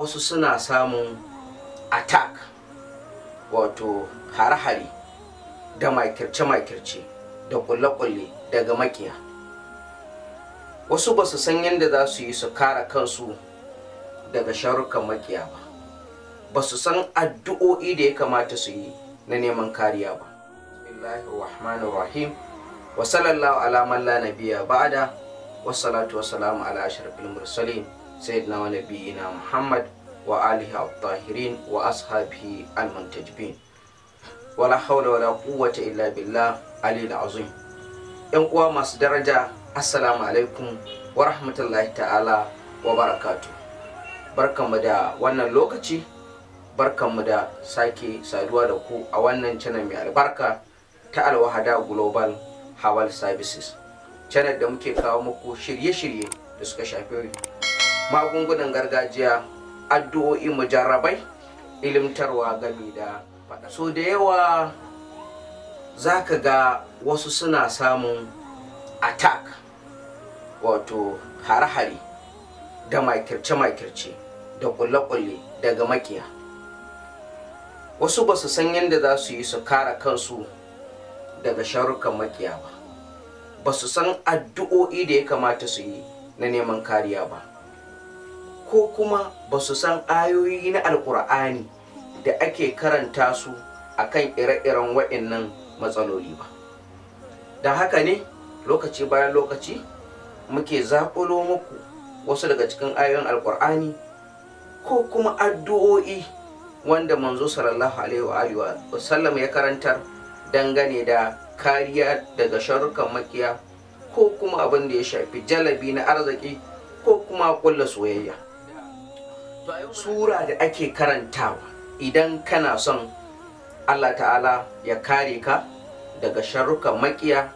wasu suna samun attack wato hare-hare da makirce-makirce da kulle-kulle daga makiya wasu ba su san yadda za su yi su kara kansu daga sharukan makiya ba ba su san addu'o'i da ya kamata su yi na neman kariya ba rahim wa sallallahu ala man la nabiya ba'da wassalatu wassalamu ala ashrafil mursalin saidina wani nabiyina muhammad wa alihi a tahirin wa asfafi alman tajbin. wala hau da wada kowacce illa biyar alli da yan uwa masu daraja. as alaikum wa rahmatulahi ta'ala wa barakatu barkan da wannan lokaci barkan mu da sake saduwa da ku a wannan can mai albarka ta alwahada global hawall services can da muke kawo muku shirye-shirye da suka shafi. magungunan gargajiya addu'o'i mujarrabai ilimtarwa game da faɗa so da yawa za ka ga wasu suna samun attack wato hare-hare da makirce-makirce da kulle-kulle daga makiya wasu ba su san yadda za su yi su kara kansu daga sharukan makiya ba ba su san addu'o'i da ya kamata su yi na neman kariya ba ko kuma ba su san ayoyi na alkur'ani da ake karanta su a kan ire-iren waɗannan matsaloli ba da haka ne lokaci bayan lokaci muke zaƙulo muku wasu daga cikin ayoyin alkur'ani ko kuma addu'o'i wanda manzo sallallahu alaihi wa sallam ya karantar dangane da kariya daga sharukan makiya ko kuma abin da ya shafi jalabi na arziki ko kuma kulla soyayya sura da ake karantawa idan kana son Allah ta'ala ya kare ka daga sharrukan makiya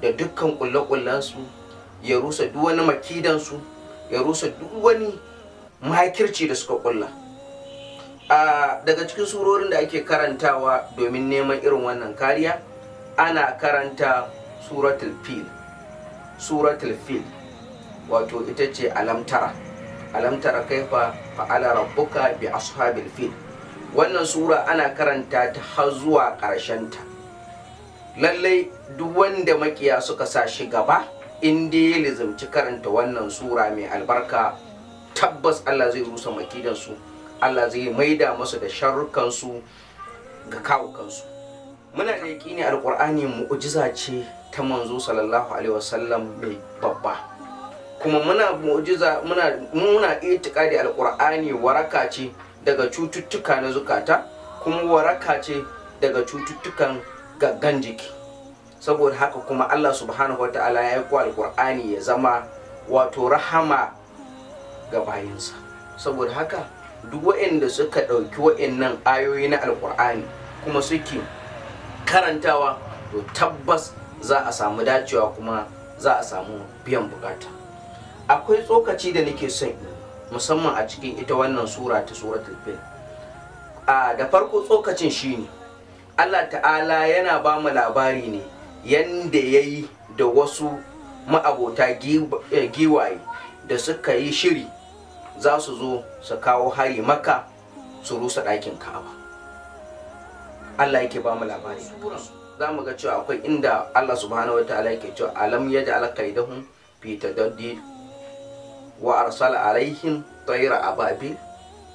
da dukkan ƙulle-ƙullensu, ya rusa duk wani makidansu ya rusa duk wani makirci da suka kulla daga cikin surorin da ake karantawa domin neman irin wannan kariya ana karanta suratul fil suratul fil wato ita ce alamtara alam tara kaifa ala rabbuka bi ashabil fil wannan sura ana karanta ta har zuwa ƙarshen ta lallai duk wanda makiya suka sa shi gaba in dai ya lizimci karanta wannan sura mai albarka tabbas Allah zai rusa makidansu Allah zai maida masu da sharrukansu ga kawukansu muna da yaƙini alƙur'ani mu'jiza ce ta manzo sallallahu alaihi wasallam mai babba kuma muna mu'jiza muna muna itikadi alqur'ani waraka ce daga cututtuka na zukata kuma waraka ce daga cututtukan gaggan jiki saboda haka kuma Allah subhanahu wata'ala ya aiko alqur'ani ya zama wato rahama ga bayinsa saboda haka duk waɗanda suka ɗauki waɗannan ayoyi na alkur'ani kuma suke karantawa to tabbas za a samu dacewa kuma za a samu biyan bukata akwai tsokaci da nake son musamman a cikin ita wannan sura ta suratul fil a da farko tsokacin shine Allah ta'ala yana ba mu labari ne yanda yayi da wasu ma'abota eh, giwaye da suka yi shiri za su zo su kawo hari maka su rusa ɗakin kaba. Allah yake ba mu labari za mu ga cewa akwai inda Allah subhanahu wa ta'ala yake cewa alam yaj'al kaidahum fi tadaddid wa arsala alaihim tayra ababil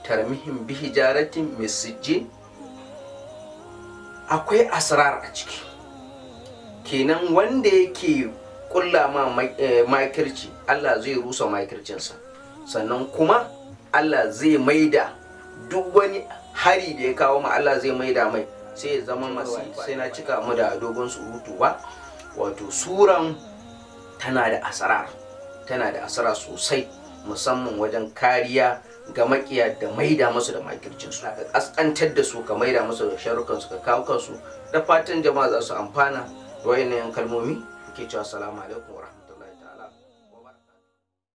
tarmihim bi hijaratin misjin akwai asrar a ciki kenan wanda yake kulla ma eh, makirci Allah zai rusa makircinsa sannan kuma Allah zai maida duk wani hari da ya kawo ma Allah zai maida mai sai ya zama masu sai na cika mu da dogon surutu ba wato suran tana da asrar tana da asara sosai musamman wajen kariya ga makiya da maida musu da makircin su ka kaskantar da su ka maida musu da sharukan su ka kawo kansu da fatan jama'a za su amfana da wayannan kalmomi ke cewa assalamu alaikum